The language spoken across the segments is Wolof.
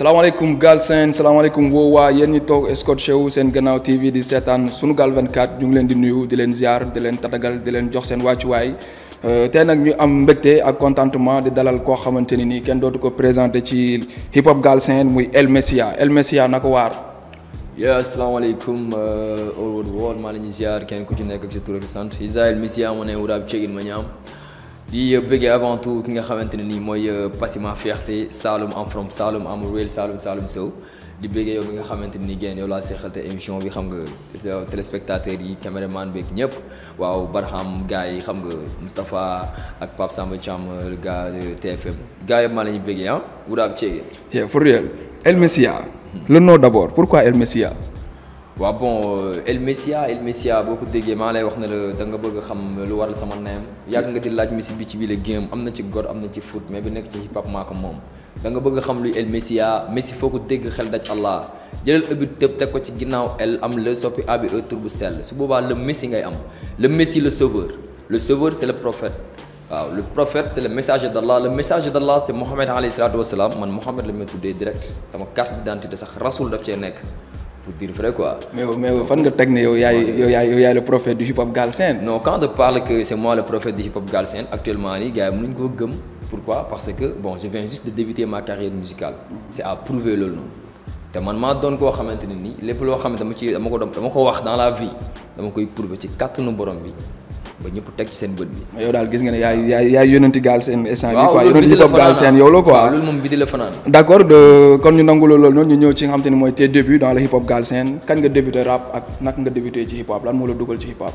salaamaaleykum Galsen salaamaaleykum woowaa yenn ñi toog scotché wu seen gannaaw TV di seetaan Sunugal 24 ñu ngi leen di nuyu di leen ziar di leen tatagal di leen jox seen wàccuwaay euh, tee nag ñu am mbégte ak contentement di dalal koo xamante ni nii kenn dootu ko présenté ci hip hop Galsen muy El Messia El Messia na ko waar. yaa asalaamaaleykum euh, all world maa leen di ziar kenn ku ci nekk ci sa tur ak sant Isa El Messia ma ne wuraab cegin ma ñaam. di euh, bëggee avant tout ki nga xamante ne nii mooy euh, Passima Fierté Saloum am from saalum am réel Saloum saalum sew di bëggee yow bi nga xamante ni génn yow laa seexal te émission bi xam nga téléspectateur yi man beeg ñëpp waaw Barham gars yi xam nga Moustapha ak Pape Samba Thiam euh, le gars de TFM gars yëpp maa la ñuy bëggee ah Wouda Thiege. yeah for real El Messia. le nom d'abord pourquoi El Messia. waaw bon euh, El Messia ah, El Messia ah, boo ko déggee maa lay wax na la da nga bëgg xam lu waral sama neem yàgg nga di laaj Messi bi ci biir game am na ci góor am na ci foot mais bi nekk ci hip hop maa ko moom da nga bëgg a xam luy El Messia ah, Messi foo ko dégg xel daj Allah jëlal ëbbi tëb teg ko ci ginnaaw el am le soppi abi e tur bu sell su boobaa le Messi ngay am le Messi le sauveur le sauveur c'est le prophète waaw le prophète c'est le messager d'Allah le messager d'Allah c'est Mohamed alayhi salaatu wasalaam man Mohamed la may tuddee direct sama carte d'identité sax rasul daf cee nekk pour dire vrai quoi. mais mais fan nga teg ne yow yaay yow yaay yow yaay du hip hop galsen. non quand je que c' moi le prophète du hip hop galsen actuellement nii gars yi mënuñ koo gëm pourquoi parce que bon je viens juste de débuter ma carrière musicale. c' à prouver loolu noonu. te man maa doon koo xamante ne nii lépp loo xam ne dama ci dama ko dama ko wax dans la vie dama koy prouver ci kàttanu borom bi. ba ñëpp teg ci seen bët bi. yow daal gis nga ne yaay yaay yaay yónanti gaal seen. instant bi quoi yónanti hip hop gaal waaw loolu moom bi di la fanaan. d' accord kon ñu nangu loolu noonu ñëw ci nga xam te ne mooy tes débuts dans le hip hop gaal seen kañ nga débuté rap ak naka nga débuté ci hip hop lan moo la dugal ci hip hop.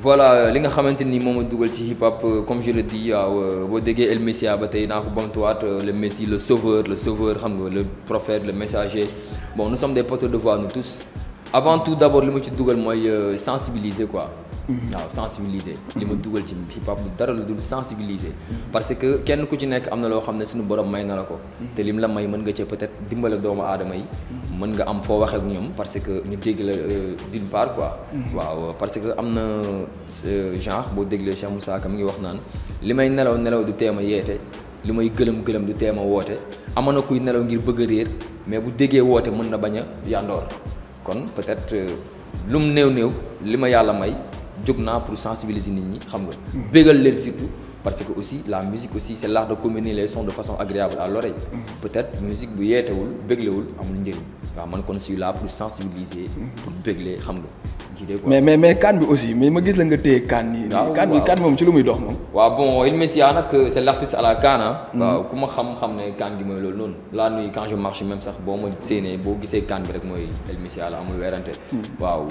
voilà li nga xamante ni moom a dugal ci hip hop euh, comme je le dis waaw euh, boo déggee El Messia ah, ba tey naa ko bamtuwaat euh, le messi le sauveur le sauveur xam nga le prophète le messager bon nous sommes des porteurs de voix d' abord li ma ci dugal mooy sensibiliser quoi. waaw sensibiliser. li ma dugal ci hip hop dara lu dul sensibiliser. parce que kenn ku ci nekk am na loo xam ne suñu borom may na la ko. te li mu la may mën nga cee peut-être dimbale doomu aadama yi. mën nga am foo waxee ak ñoom parce que ñu dégg la euh, d'une part quoi. waaw parce que am na euh, genre boo déglee Cheikh mu saaka mi ngi wax naan li may nelaw nelaw du teem a yeete li may gëlëm gëlëm du teem a woote amana kuy nelaw ngir bëgg a réer mais bu déggee woote mën na bañ a yàndoor kon peut-être euh, néew néew li ma yàlla may. jóg naa pour sensibiliser nit ñi xam nga. bégal leen surtout parce que aussi la musique aussi c' est l' art de combiner les sons de façon agréable à l'oreille peut être musique bu yeetewul béglewul amul njëriñ waaw man kon suis là pour sensibiliser. pour béglee xam nga. mais mais mais kan bi aussi mais ma gis la nga téye kan nii. waaw kan bi kan moom ci lu muy dox moom. waaw bon il nag c' est l' à la kaana ah. Hmm. waaw ku ma xam-xam ne kan gi mooy loolu noonu. la nuit quand je marche sax boo ma séenee boo gisee kan rek mooy il Messia la amul weerante. Hmm. waaw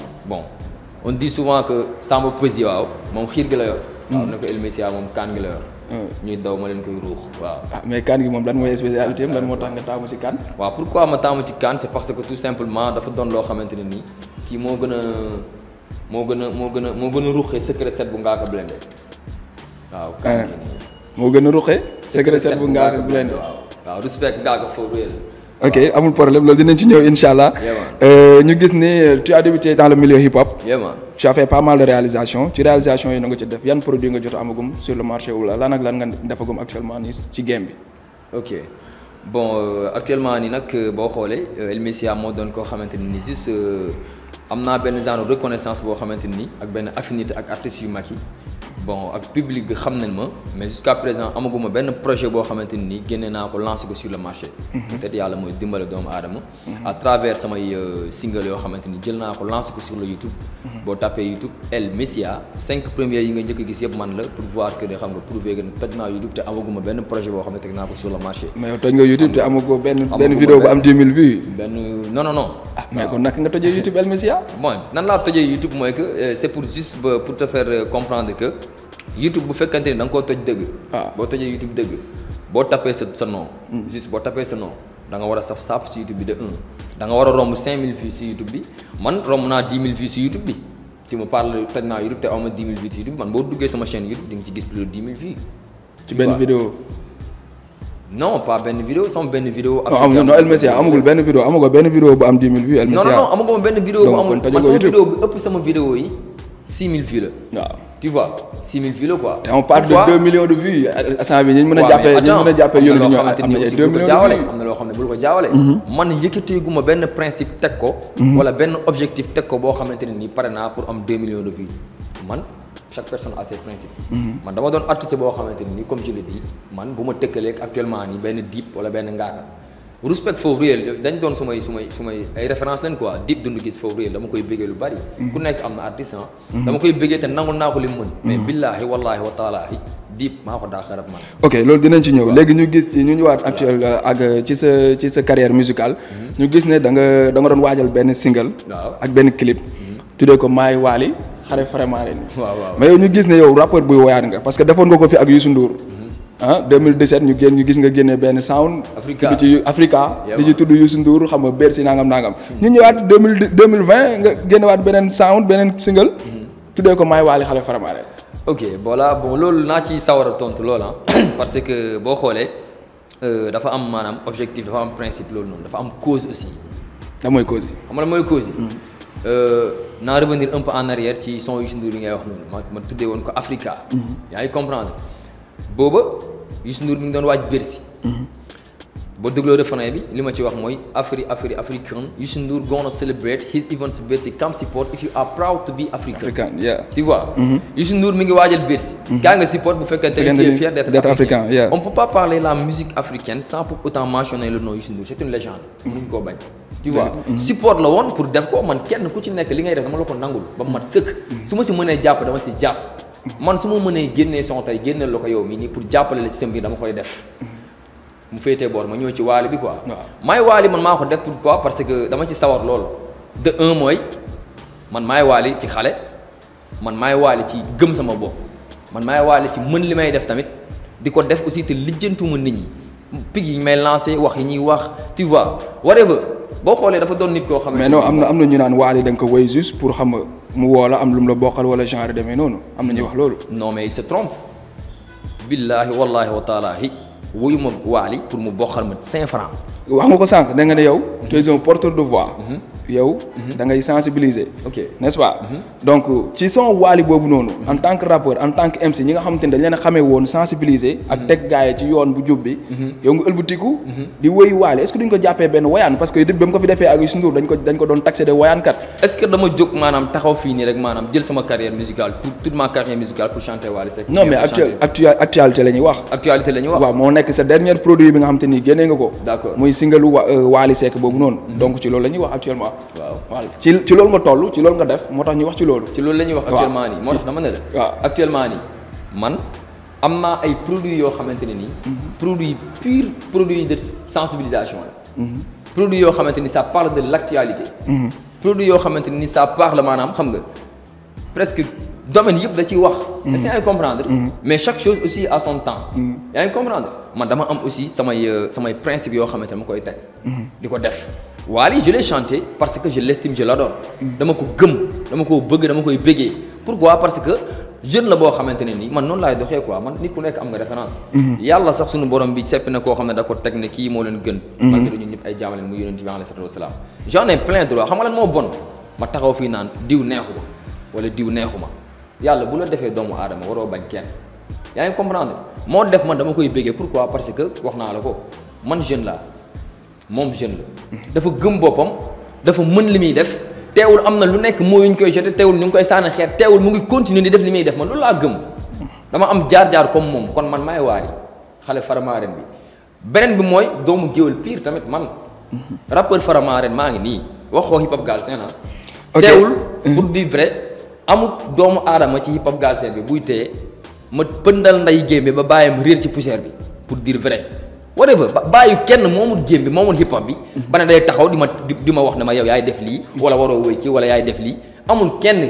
on di souvent que Samba Peuzzi waaw moom xiir gi la yor. Mm. waaw na ko El Messia moom kaan gi la yor. Mm. ñuy daw ma leen koy ruux waaw. Ah, mais kaan gi moom lan mooy spécialité am lan moo tax nga taamu ci kaan. waaw pourquoi ma taamu ci kaan c'est parce que tout simplement dafa doon loo xamante ne nii kii moo gën a moo gën a moo gën a moo gën a ruuxee secret set bu Ngaaka Blindé waaw. kaan gi eh, moo gën a ruuxee. secret set bu Ngaaka Blindé waaw waaw respect Ngaaka foofu ok amul problème loolu dinañ ci ñëw incha allah. Euh, ñu gis ni euh, tu as débuté dans le milieu hip hop. vraiment tu as fait pas mal de réalisation ci réalisation yi na nga ci def yan produit nga jot amagum sur le marché wala lan ak lan nga defagum actuellement nii ci game bi. ok bon euh, actuellement nii nag boo xoolee El Messia moo doon koo xamante ni nii juste am naa benn genre reconnaissance boo xamante ni ak benn affinité ak artistes yu mag bon ak public bi xam nañ ma mais jusqu'à présent amaguma benn projet boo xamante ni génne naa ko lancé ko sur le marché. Mhm. peut-être yàlla mooy dimbale doomu aadama. Mhm. à travers samay euh, single yoo xamante ni jël naa ko lancé ko sur le mhm. yi nga njëkk gis yëpp man la pour voir que ne xam nga prouver que ne teg naa ko sur le marché. mais yow toj nga YouTube te amagoo benn. benn vidéo am 10 000 vues. ah mais kon naka nga tojee YouTube El Messia. bon nan tojee YouTube mooy que euh, c'est pour juste pour te faire euh, comprendre que. YouTube bu fekkante ni danga nga koo toj dëgg. waaw ah. boo tojee YouTube dëgg boo tapee sa sa nom. Hmm. juste boo tapee sa nom da nga war a saf sapp si YouTube bi de un da nga war a romb 5000 vues si YouTube bi man romb naa 10 000 vues si YouTube bi tu me parles toj naa ma 10 000 vues si YouTube man boo duggee sama chaîne YouTube di nga ci gis plus de 10 000 vues. benn vidéo. non pas benn vidéo sama benn vidéo. am non El Messia benn vidéo amagoo benn vidéo bu am 10 000 vues. non non amagoo benn vidéo bu amul man sama vidéo yi. six mille vues la. waaw tu vois six mille vues quoi. on parle de deux millions de vues euh, instant bii ñu mën a jàppee ñu mën a jàppee yow li ñu am na loo xam ne bul ko jaawale. Mhm. man yëkkateeguma benn principe teg ko. Mhm. wala benn objectif teg ko boo xamante ne nii pare naa pour am deux millions de vues man. chaque personne a ses principes. Mhm. man dama doon artiste boo xamante ni comme je le dis man bu ma tëkkaleeg actuellement nii benn Dip wala benn Ngaaka. respect for real dañ doon su may su may su may ay référence lañ quoi Dip Doundou Guiss for real dama koy bëggee lu bari. Mhm. ku nekk am na artiste ah. mhm. dama koy bëggee te nangul naa ko li mën. mais mhm. billaahi wallaahi wa taalaahi Dip maa ko daa xarab man. ok loolu dinañ ci ñëw léegi ñu gis ci ñu ñëwaat actuel euh, ak euh, ci sa ci sa carrière musicale. ñu gis ne da nga da doon waajal benn single. waaw ak benn clip. tuddee ko Maay Waali xare vraiment ren. mais yow ñu gis ne yow rappeur buy woyaat que defoon nga ko fi ah 2017 ñu génn ñu gis nga génne benn sound. Africa tudd ci Africa. tudd Youssou Ndour xam nga Bercy nangam nangam. ñu ñëwaat deux mille deux mille vingt nga génnewaat beneen sound beneen single. Mm-hmm. tuddee ko Maay Waly Xale Faramare. ok voilà boo loolu naa ci sawara tontu loolu ah. parce que boo xoolee euh, dafa am maanaam objectif dafa am principe loolu noonu dafa am cause aussi. da mooy cause yi. xam nga mooy cause yi. Mm-hmm. Euh, naa revenir un peu en arrière ci son Youssou Ndour yi ngay wax noonu ma ma tuddee woon ko Africa. Mm-hmm. yaa booba Youssou Ndour mi ngi doon waaj Bercy. boo dégloo refrain bi li ma ci wax mooy Afri Afri African Youssou Ndour gonna celebrate his events Bercy come support if you are proud to be African. African yeah. tu vois. Mm-hmm. Youssou mi ngi waajal Bercy. Mm-hmm. gaa nga support bu fekkee tey tu es fier d'être africain yeah. on peut pas parler la musique africaine sans autant mentionner le nom Youssou Ndour c'est une légende. Mm-hmm. mënuñ koo bañ. tu vois support la woon pour def ko man kenn ku li ngay def dama la ko ma si mënee jàpp dama si jàpp. man su ma mënee génnee son tey génneel la ko yow mii nii pour jàppale la système bi dama koy def. mu féetee boor ma ñëw ci waali bi quoi. maay waali man maa ko def pourquoi parce que dama ci sawar lool. un mooy man maay waali ci xale man maay waali ci gëm sama bopp man maay waali ci mën li may def tamit di ko def aussi te lijjantuma nit ñi pig yi may lancé wax yi ñuy wax tu vois whatever boo xoolee dafa doon nit koo xam ne. mais non am na am na ñu naan waali da ko woy juste pour xam nga mu woo la am lu mu la bokkal wala genre deme noonu am na ñuy wax loolu. non mais il se trompe. billaahi wallaahi wa taalaahi wuyu ma waali pour mu bokkal ma 5 francs. wax nga ko sànq da nga ne yow. Mhm. tu es porteur de voix. Mhm. yow. Mhm. da ngay ok n'est-ce pas. Mhm. waali boobu boobu noonu. donc ci loolu la wax actuellement waaw ci ci loolu nga toll ci loolu nga def moo tax ñu wax ci loolu. ci la ñuy wax actuellement nii moo tax dama ne la. waaw actuellement nii man am naa ay produits yoo xamante ne nii. Mhm. produits pur produits de sensibilisation mhm. produits yoo xamante ni sa parle de l' actualité. Mhm. yoo xamante ni ça parle maanaam xam nga presque. domaine yëpp da ciy wax. est-ce que comprendre. mais chaque chose aussi a son temps. yaa ngi comprendre man dama am aussi samay euh, samay principe yoo xamante ne ma koy teg. di ko def. Wally je l'ai chanté parce que je l'estime la l'adore dama ko gëm dama ko bëgg dama koy bëggee pourquoi parce que jeune la boo xamante ne nii man noonu laay doxee ko man nit ku nekk am nga référence mhm. yàlla sax suñu borom bi seppi na koo xam ne da ko teg ne kii moo leen gën malgré mhm. ñun ñëpp ay jaamaleen mu yonent bi alayhi xam nga lan moo bon ma taxaw fii naan diw neexu ma wala diw neexu ma yàlla bu la defee doomu aadama waroo bañ kenn yaa ngi moo def man dama koy bëggee pourquoi parce que wax naa la ko man jeune moom jeune la dafa gëm boppam dafa mën li muy def teewul am na lu nekk moo yuñ koy jote teewul ñu ngi koy sànni xeet teewul mu ngi continuer di def li muy def man loolu laa gëm dama am jaar-jaar comme moom kon man maay waari xale faramaaren bi beneen bi mooy doomu géwél piir tamit man rappeur faramaaren maa ngi nii waxoo hip hop galsen ah teewul mm. pour dire vrai amul doomu aadama ci hip hop galsen bi buy téye ma pëndal nday gémbe ba bàyyam réer ci poussière bi pour dire whatever bàyyi kenn moomul jéem bi moomul hip hop bi. Mhm. ba ne day taxaw di ma di ma wax na ma yow yaay def lii. wala waroo wéy ci wala yaay def lii amul kenn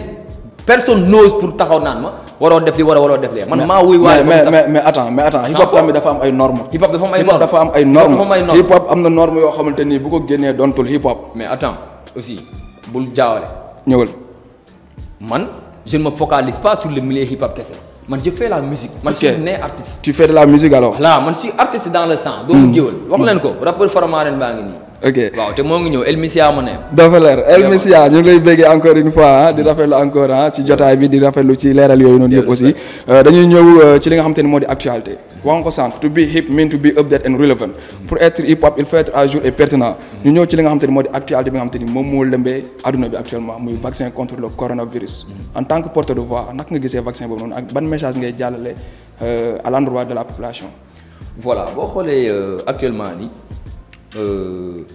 personne n'ose pour taxaw naan ma waroo def lii wala waroo def lee man maa wuy waaye mais mais mais attends mais attends hip hop tamit am ay normes. hip hop dafa am ay normes dafa am ay normes hip na norme yoo xamante nii bu ko génnee doontul hip hop. mais attends aussi bul jaawale. ñëwal man jeune ne me focalise pas sur le milieu hip kese. man je fais la musique. man je suis né artiste. tu fais de la musique alors. voilà man je suis artiste dans le sang. doomu hmm. géwël wax leen ko rappeur Faramareen baa ngi nii. ok waaw te moo ngi ñëw El Misia mu ne. dafa leer El Misia ñu ngi béggee encore une fois ah, di rafetlu encore ah ci jotaay bi di rafetlu ci leeral yooyu noonu yëpp aussi euh, dañuy ñëw euh, ci li nga xam ne moo di actualité wax nga ko sànq to be hip mean to be updated and relevant pour être hip hop il faut être à jour et pertinent ñu ñëw ci li nga xam te ne moo di actualité bi nga xam moom moo lëmbee adduna bi actuellement muy vaccin contre le coronavirus mm. en tant que porte de voix naka nga gisee vaccin boobu noonu euh, de la population voilà boo xoolee actuellement nii Euh,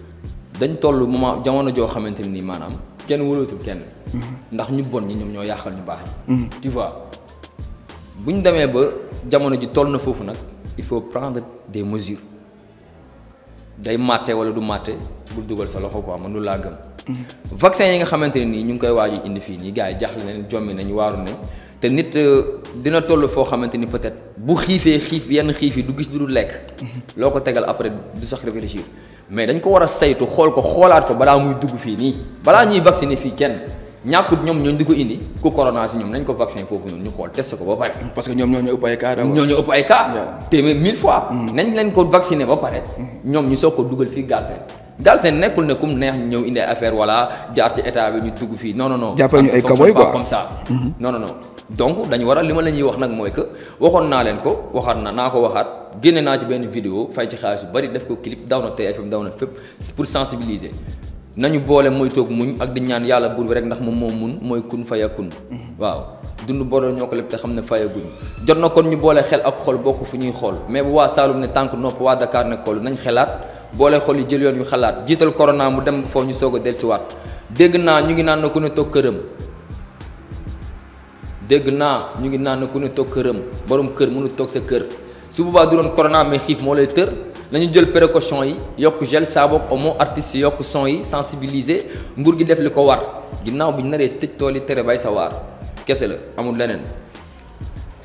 dañ toll ma jamono joo xamante nii maanaam kenn wóolootul kenn. Mm-hmm. ndax ñu bon ñi ñoom ñoo yàqal ñu baax ñi. Mm-hmm. tu vois bu ñu demee ba jamono ji toll na foofu nag il faut prendre des mesures day màtte wala du màtte bul dugal sa loxo quoi man lu laa gëm. Mm-hmm. vaccin yi nga xamante ne nii ñu ngi koy waaj indi fii nii gars yi jaaxle nañ jommi nañ waaru nañ. te nit euh, dina toll foo xamante ni peut-être bu xiifee xiif yenn xiif yi du gis du lekk. loo ko tegal après du sax réfléchir mais dañ ko war a saytu xool ko xoolaat ko balaa muy dugg fii nii balaa ñuy vacciner fii kenn. ñàkkut ñoom ñoo di ko indi ku corona si ñoom nañ ko vaccin foofu ñu xool test ko ba pare. parce que ñoom ñoo ñu ëpp ay cas. ñoo ñu ëpp mille fois. Mm. nañ leen ko vacciner ba pare. Mm. ñoom ñu soog ko dugal fii Galsen. Galsen nekkul ne kum neex ñu ñëw indi affaire wala jaar ci état ñu dugg fii non non non. ñu ay kaboy quoi comme ça mm-hmm. non non donc dañu waral li ma la ñuy wax nag mooy que waxoon naa leen ko waxaat na naa ko waxaat génne naa ci benn vidéo fay ci xaalis bu bari def ko clip daw na TFM daw na fépp pour sensibiliser nañu boole mooy toog muñ ak di ñaan yàlla buur bi rek ndax moom moom mun mooy kun fayakun mm-hmm. waaw dund boole ñoo ko lépp te xam ne fayaguñu jot na kon ñu boole xel ak xol bokk fu ñuy xool mais bu waa Saalum ne tànk nopp waa Dakar ne kol nañ xelaat boole xol yi jël yoon xalaat jiital corona mu dem foofu ñu soog a dellusiwaat dégg naa ñu naan na ku ne toog këram dégg naa ñu ngi naan ku ne toog këram borom kër mënu toog sa kër su boobaa du doon corona mais xiif moo lay tër nañu jël précaution yi yokk gel saabu omo artistes yi yokk son yi sensibiliser nguur gi def li ko war ginnaaw bi ñu naree tëj tool yi tere bay sa waar kese la amul leneen.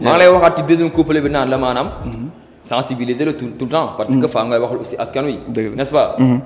maa ngi lay waxaat ci deuxième couple bi naan la maanaam. Mhm. sensibiliser le tout le temps. parce que mhm. faa ngay waxal aussi askan wi. nest pas. Mhm.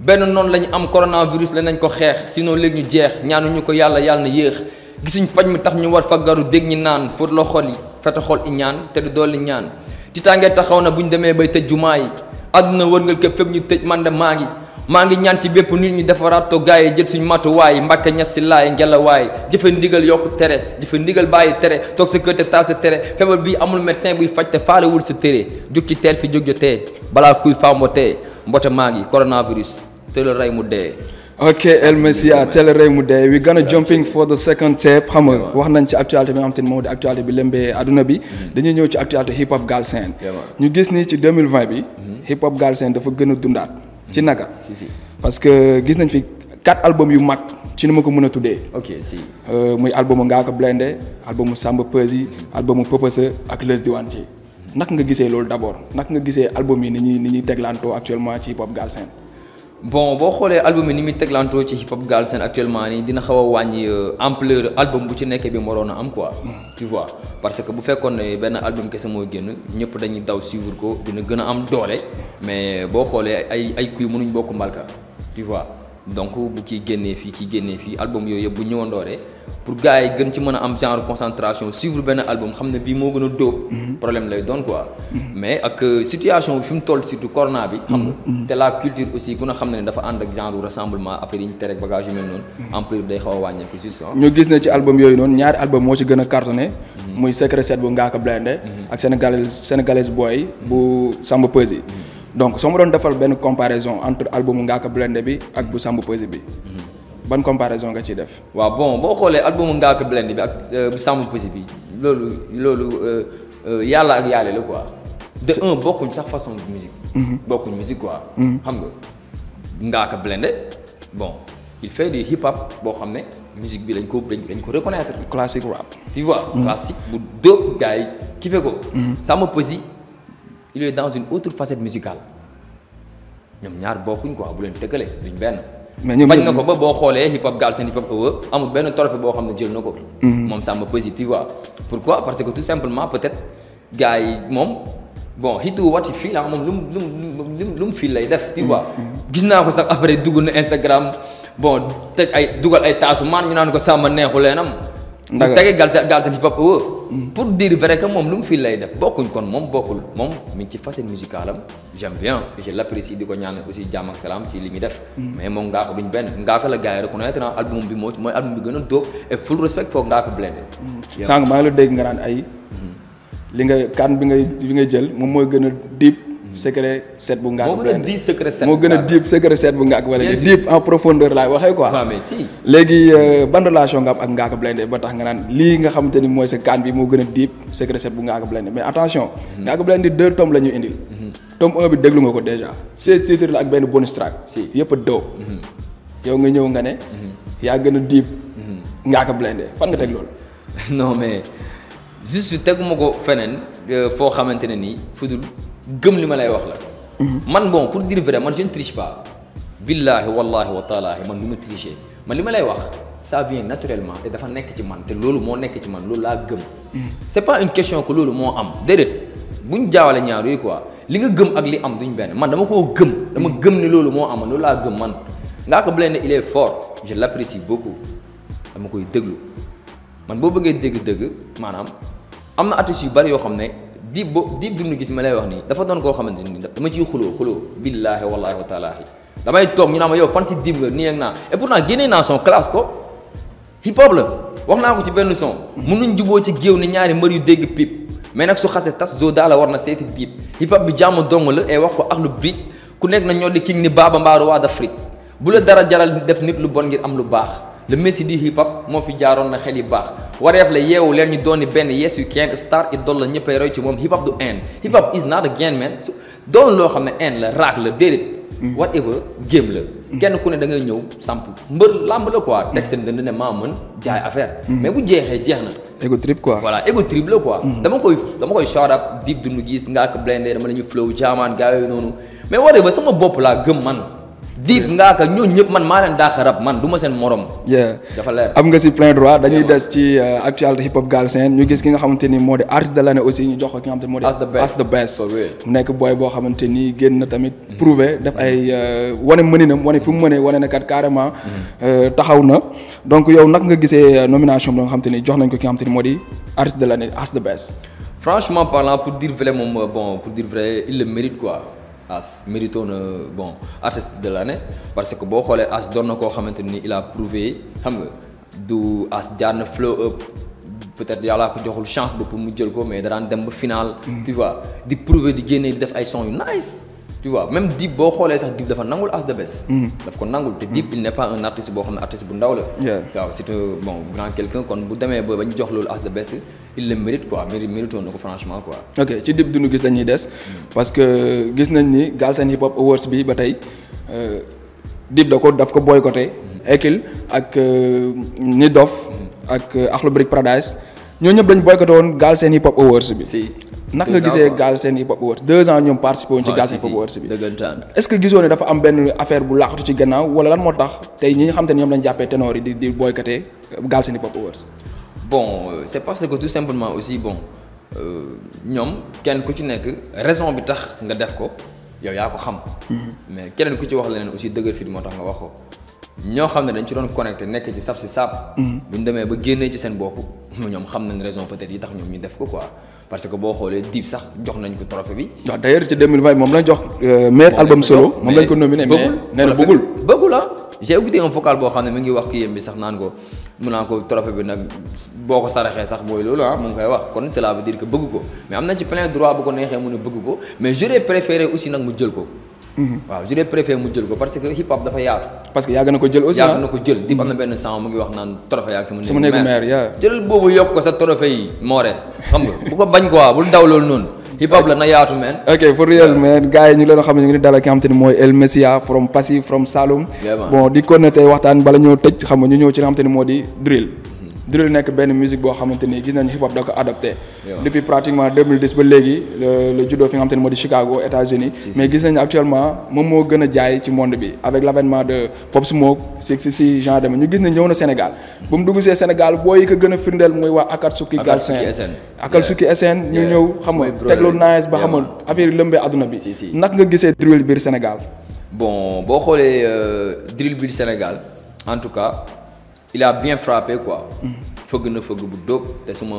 benn noonu la ñu am coronavirus la nañ ko xeex sinon léegi ñu jeex ñaanuñu ko yàlla yàlla na yéex. gisuñ paj mu tax ñu war fa garu dégg ñi naan fóot la xol yi fete xol i ñaan te du dolli ñaan tiitaange taxaw na bu ñu demee bay tëj jumaa yi àdduna wërngal képp fépp ñu tëj man de maa ngi maa ngi ñaan ci bépp nit ñu defaraat to gaay jël suñu matuwaay mbàkke ñas si laay ngelawaay jëfe ndigal yokku tere jëfe ndigal bàyyi tere toog si kër te taal sa tere feebar bi amul médecin buy faj te faalewul sa tere jóg ci teel fi jóg jotee balaa kuy faam mbotee mbote maa ngi coronavirus te lu rey mu dee ok El Messi à tel réew mu dee we gonna jumping for the second tape xam nga wax nañ ci actualité bi nga xam te ne moo di actualité bi lembee àdduna bi mm-hmm. dañuy ñëw ci actualité hip hop galsen ñu gis ni ci 2020 bi mm-hmm. hip hop galsen dafa gën a dundaat ci mm-hmm. naka parce que gis nañ fi quatre albums yu mag ci ni ma ko mën a tuddee ok si euh, muy albumu Ngaaka Blindé albumu Samba Peuzzi albumu Purpose ak Leuz Diwane ci naka nga gisee loolu d'abord naka nga gisee album yi ni ñuy ni ñuy teglantoo actuellement ci hip hop galsen bon boo xoolee album yi ni muy teglantoo ci hip hop Galsen actuellement nii dina xaw a wàññi euh, ampleur album bu ci nekk bi waroon a am quoi. Hmm. tu vois parce que bu fekkoon ne benn album kese moo génn ñëpp dañuy daw suivre ko dina gën a am doole mais boo xoolee ay ay kuy mënuñ bokk mbalka tu vois donc bu kii génnee fii kii génnee fii album yooyu yëpp bu ñëwandooree pour gars yi gën ci mën a am genre concentration suivre benn album xam ne bi moo gën a dóob mhm. problème lay doon quoi mhm. mais ak euh, situation bi fi mu toll surtout corona bi xam nga mhm. te la culture aussi ku ne xam ne dafa ànd ak genre rassemblement affaire yi ñu tere bagage yu mel noonu ampleur day xaw a wàññeeku juste gis ne ci album yooyu noonu ñaari album moo ci gën a cartonné muy Secret Set bu Ngaaka Blindé ak Sénégalais Sénégalais Boy bu Samba Peuzzi donc soo ma doon defal benn comparaison entre album Ngaaka Blindé bi ak bu Samba Peuzzi bi ban comparaison nga ciy def. waaw bon boo xoolee albumu Ngaaka Blindé bi ak bu Sàmm posi bi loolu loolu euh, euh, yàlla ak yàlla la quoi. de un bokkuñ sax façon de musique. Mhm. bokkuñ musique quoi. Mhm. xam nga Ngaaka Blindé bon il fait du hip boo xam ne musique bi dañ ko dañ ko reconnaître. classique rap. tu vois mhm. classique bu deux gars yi kife ko. Sàmm Peuzé il est dans une autre facette musicale ñoom ñaar bokkuñ quoi bu leen tëkkalee duñ benn. mais ñoom bañ na ko ba boo xoolee hip hop Galsen hip hop Awards amul benn trophée boo xam ne jël na ko. Mm-hmm. moom Samba Peuzzi tu vois. pourquoi parce que tout simplement peut-être gars yi moom bon hitu wati fii la ah, moom lu mu lu mu lu mu fii lay def. tu vois mm-hmm. gis naa ko sax après dugg na Instagram bon teg ay dugal ay taasu maan ñu naan ko Samba neexu leenam ndax tege Galsen Galsen hip hop pour dire vrai que moom lu mu fii lay def bokkuñ kon moom bokkul moom mi ngi ci facette musicale am bien et je di ko ñaanal aussi jàmm ak salaam ci li mm. mais moom ngaa ko duñ benn ngaa ko la gars yi reconnaître naa ah, album bi moo mooy album bi gën a dóob et full respect foog ngaa ko blende. Mm. sànq maa ngi dégg nga naan ay. Mm. li nga kan bi nga jël moom mooy gën a secret set bu ngaak. moo gën a diib secret set moo gën a diib secret set bu ngaak wala diib en profondeur laay waxee quoi. waaw léegi euh, ban relation nga am ak ngaaka blindé ba tax nga naan lii nga xamante ni mooy sa kaan bi moo gën a diib secret set bu ngaaka blindé mais attention. Mhm. ngaaka blindé deux tomes la ñuy indil. Mhm. tome un bi déglu nga ko déjà seize titres la ak benn bonus track. si yëpp a mhm. yow nga ñëw nga ne. yaa gën a diib. ngaaka blindé fan nga teg loolu. non mais juste teguma ko feneen euh, foo xamante ne nii gëm li ma lay wax la. man bon pour dire man je ne triche pas. billaahi wallaahi wa man lu ma tricher man li ma lay wax ça vient naturellement te dafa nekk ci man te loolu moo nekk ci man loolu laa gëm. c'est pas une question que loolu moo am déedéet buñ jaawale ñaar yooyu quoi li nga gëm ak li am duñ benn man dama koo gëm. dama gëm ne loolu moo am man loolu laa gëm man Ngaaka Blindé ne est fort je l'apprécie beaucoup dama koy déglu man boo bëggee dégg-dégg maanaam am na artistes yu bari yoo xam ne. diib bo diib dund gis ma lay wax nii dafa doon koo xamante ni dama ciy xuloo xuloo billaahi wallaahi wa taalaahi damay toog ñu naan ma yow fan ci diib nga nii ak naa et pourtant génnee naa son classe ko hip hop la wax naa ko ci benn son mënuñ juboo ci géew ne ñaari mbër yu dégg pip mais nag su xase tas zo daala war na seeti diib hip hop bi jàmm dong la et wax ko ak lu brit ku nekk na ñoo di king ni baaba mbaaru waa d'Afrique bu la dara jaral def nit lu bon ngir am lu baax la Messi di hip hop moo fi jaaroon na xel yi baax wareef la yeewu leen ñu doon benn yes you can star idol la ñëppay roy ci moom hip hop du haine hip hop is not a game man loo xam ne haine la raag la déedéet. Mm. whatever game la. Mm. kenn ku ne da ngay ñëw samp mbër làmb la quoi. Mm. teg seen dënd ne maa mën jaay affaire. mais bu jeexee jeex na. ego trip quoi voilà ego trip la quoi. dama koy dama koy shout up Dip gis nga Ngaaka Blindé dama la ñu flow jaamaan gars yooyu noonu mais whatever sama bopp laa gëm man. diib ngaa ka ñooñu ñëpp man maa leen daax rab man du ma seen morom. dafa am nga si plein droit dañuy des ci euh, actualité hip hop galsen ñu gis ki nga xamante ni moo di artiste de l'année aussi ñu jox ko ki nga xamante ni moo di. as boo xamante ni génn na tamit. Mm-hmm. prouvé def ay mm-hmm. euh, wane mëninam wane fi mu mënee wane na kat carrément. Mm-hmm. Euh, taxaw na donc yow nag nga gisee nomination bi nga xamante ni jox nañ ko ki nga moo di artiste de l'année as the best. franchement parlant pour dire vrai pour dire vrai il le mérite quoi. As mérito na euh, bon artiste de l'année parce que boo xoolee As doon na koo xamante ni il a prouvé xam nga du As jaar na flow up peut-être yàllaa ko joxul chance ba pour mu jël ko mais da daan dem ba final. Mm. tu vois di prouver di génnee di def ay son yu nice. waaw vois même Dip boo xoolee sax Dip dafa nangul As The Best. Mm. daf ko nangul te Dip il n'est pas un artiste boo xam ne artiste bu ndaw la. waaw c'est bon grand quelqu'un kon bu demee ba ba ñu jox loolu As The Best il le mérite quoi mérite méritoon na ko franchement quoi. ok ci Dip Doundou Guiss la des mm. parce que gis nañ ni Galsen Hip Hop Awards bi ba tey euh, Dip da ko daf ko boycotté. Mm. Ekil ak euh, Nidof. ak euh, Akhlou Brick Paradise ñoo ñëpp dañ boycotté woon gaal Galsen Hip Hop Awards bi. naka nga gisee Galsen Hip Hop Awards deux ans ñoom participé woon ci Galsen Hip Hop Awards bi dëggantaan est-ce que gisoo ne dafa am benn affaire bu laaxatu ci gannaaw wala lan moo tax tey ñi xam te ne ñoom lañ jàppee ténor yi di di boycotté Galsen Hip Hop Awards bon euh, c'est parce que tout simplement aussi bon euh, ñoom kenn ku ci nekk raison bi tax nga def ko yow yaa ko xam mm-hmm. mais keneen ku ci wax leneen aussi dëgër fit moo tax nga wax ko ñoo xam ne dañ ci doon connecté nekk ci sab si sab bu ñu demee ba génnee ci seen bopp ñoom xam nañ raison peut-être yi tax ñoom ñu def ko quoi parce que boo xoolee Dip sax jox nañ ko trophée bi. waaw d'ailleurs ci 2020 moom lañ jox euh, meilleur album solo moom lañ ko nominé mais na bëggul bëggul ah j'ai écouté un vocal boo xam ne mi ngi wax kii yem bi sax naan ko mun naa ko trophée bi nag boo ko saraxee sax mooy loolu ah mu ngi koy wax kon cela veut dire que bëgg ko mais am na ci plein droit bu ko neexee mun a bëgg ko mais j'aurais préféré aussi nag mu jël ko Mm-hmm. waaw je l'ai préféré mu jël ko parce que hip hop dafa yaatu. parce que yàgg na ko jël aussi yàgg ah. na ko jël. di am mm-hmm. mu ngi sama. sama néegu yaa jël boobu yokk ko sa trophée yi moore xam nga bu ko bañ quoi bul daw loolu noonu. hip hop la na yaatu man. ok for real man gars ñu leen xam ne ñu ngi dalal ki nga xamante ni mooy El Messia from Passy from Saloum. bon di connecté waxtaan bala ñoo tëj xam nga ñu ñëw ci li nga xamante ni moo di drill. drill nekk benn musique boo xamante ni gis nañu hip hop da ko adopté. depuis pratiquement ba léegi le judo fi nga xamante moo di Chicago États-Unis mais gis nañu actuellement moom moo gën a jaay ci monde bi avec l' avènement de Pop Smoke Sixty si genre de ñu gis nañ ñëw na Sénégal bu mu dugg see Sénégal boo yi ko gën a firndeel muy waa Akatsuki Galsen Akatsuki SN ñu ñëw xam nga teglu nice ba xamal affaire yi lëmbee àdduna bi naka nga gisee drill bi Sénégal bon boo xoolee euh, drill biir Sénégal en tout cas il a bien frappé quoi. fëgg na fëgg bu dóob te suma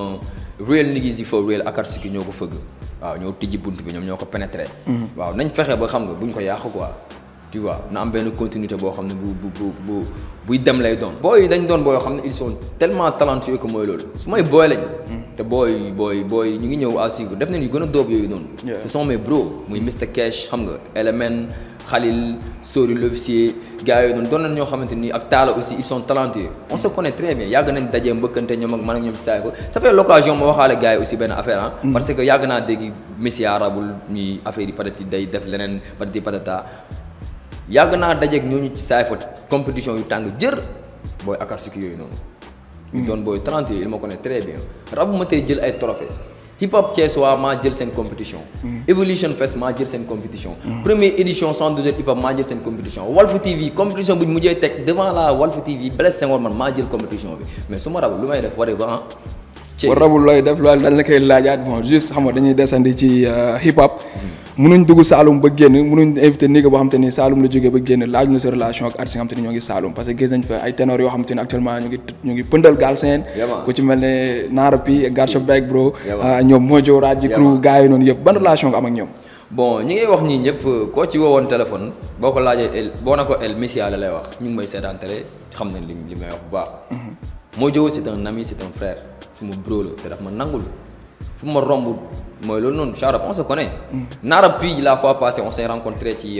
réel nigis yi fa réel Akatsuki ñoo ko fëgg waaw ñoo tijji bunt bi ñoom ñoo ko pénétrer. Mhm. waaw nañ fexe ba xam nga buñ ko yàq quoi. tu vois na am benn continuité boo xam ne bu bu bu bu buy dem lay doon booy dañ doon booy yoo ne ils sont tellement talentueux que mooy loolu su may booy lañ. Mhm. te booy booy booy ñu ngi ñëw à suivre def nañu gën a dóob yooyu noonu. ce sont mes bros muy Mr Cash xam nga Element. Khalil Sori Lofisier gars yooyu noonu doon nañ ñoo xamante ni ak Talla aussi ils sont talentueux on se connaît très bien yàgg nañ dajee mbëkkante ñoom ak man ak ñoom si saa ça fait l'occasion ma waxaale gars yi aussi benn affaire mm. parce que yàgg naa dégg Messi arabul ñuy affaire yi patati day def leneen patati patata yàgg naa dajeeg ñooñu ci saa compétition yu tàng jër booy Akatsuki yooyu noonu. ñu mm. doon booy talentueux il ma connaît très bien rabu ma tey jël ay trophées hip hop Thiès waa maa jël seen compétition. Mm. Evolution Fest maa jël seen compétition. Mm. première édition 112 hip hop maa jël seen compétition Walfu TV compétition bu ñu mujjee teg devant la Walfu TV Blaise Senghor man maa jël compétition bi mais su ma raw lu may def waree ba ah. Thiès warabul looy def loolu dañ la koy laajaat bon juste xam nga dañuy descendi ci euh, hip hop. mënuñ dugg Saalum ba génn mënuñ invité nii boo xam Saalum la jógee ba génn laaj na sa relation ak artistes nga xam te ni ñoo ngi Saalum parce que gis nañ fa ay ténor yoo xam te ni actuellement ñu ngi ñu ngi pëndal Galsen ku ci mel ne Naara Pi Garcha Beg bro ah, ñoom Mojo Raji gars yi noonu yëpp ban relation nga am ak ñoom bon ñi ngay wax ñii ñëpp koo ci woowoon téléphone boo ko laajee boo na ko lay wax ñu ngi may seetaan télé xam nañ li li may wax bu baax mhm. Mojo c'est un ami c'est un frère suma bro la te daf ma nangul fu ma romb mooy loolu noonu Charab on se connaît. Mm. Naarab puis la fois passée on ci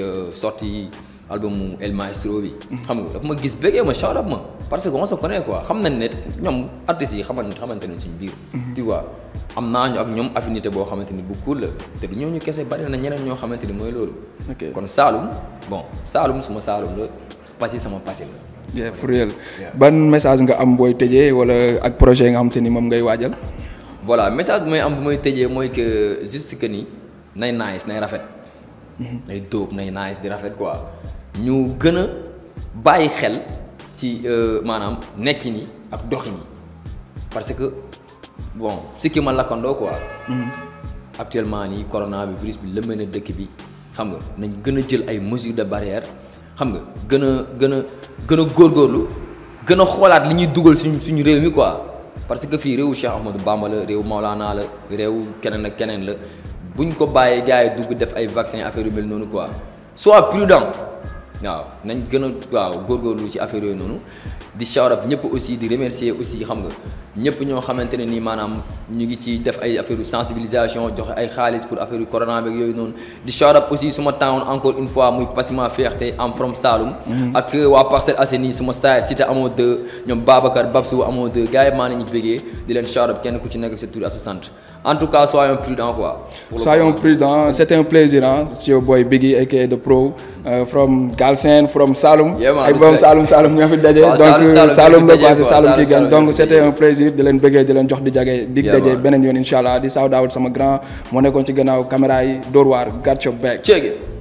euh, sortie album mu El Maestro bi. Mm. xam nga dafa ma gis bëggee ma Charab ma parce que on se connaît quoi xam nañ ne ñoom artistes yi xamante xamante nañ suñu biir. Mm-hmm. tu vois am ak ñoom affinité boo xamante ni bu cool la te du ñooñu kese bari na ñeneen ñoo xamante ni mooy loolu. kon Saalum bon Saalum suma Saalum la passé sama passé la. ban message nga am booy tëjee wala ak projet nga xam te ni moom ngay waajal. voilà message bi may am bu may tëjee mooy que juste que ni nay nice nay rafet. Mhm. nay dóob nay nice di rafet quoi ñu gën a bàyyi xel ci euh, maanaam nekkin yi ak doxin yi parce que bon si ki ma lakkandoo quoi. Mhm. actuellement nii corona bi virus bi lëmbee na dëkk bi xam nga nañ gën a jël ay mesures de barrière xam nga gën a gën a gën a góorgóorlu gën a xoolaat li ñuy dugal suñ suñu réew mi quoi. parce que fii réewu Cheikh Ahmadou Bamba la réewu Maolana la réewu keneen ak keneen la buñ ko bàyyee gars yi dugg def ay vaccin affaire yu mel noonu quoi sois prudent waaw nañ gën a waaw góorgóorlu ci affaire yooyu noonu di shout out aussi di remercier aussi xam nga ñëpp ñoo xamante nii maanaam ñu ngi ci def ay affaire sensibilisation joxe ay xaalis pour affaire corona beeg yooyu noonu di shout out aussi suma town encore une fois muy Passima Fierté am from Saloum mhm. ak euh, waa Parcelles Assainies suma style cité amoo deux ñoom Babacar Babsou amoo deux gars nañu bégee di leen shout kenn ku ci nekk sa tur sa sant Euh, from Galsen from Saloum. ay borom Saloum Saloum ñoo fi daje. donc euh, Saloum la passé Saloum ci gan donc c' était plaisir di leen bëggee di leen jox di jage di daje beneen yoon incha allah di saaw daawul sama grand moo nekkoon ci gannaaw caméra yi Dóor waar Gatcho Beeg.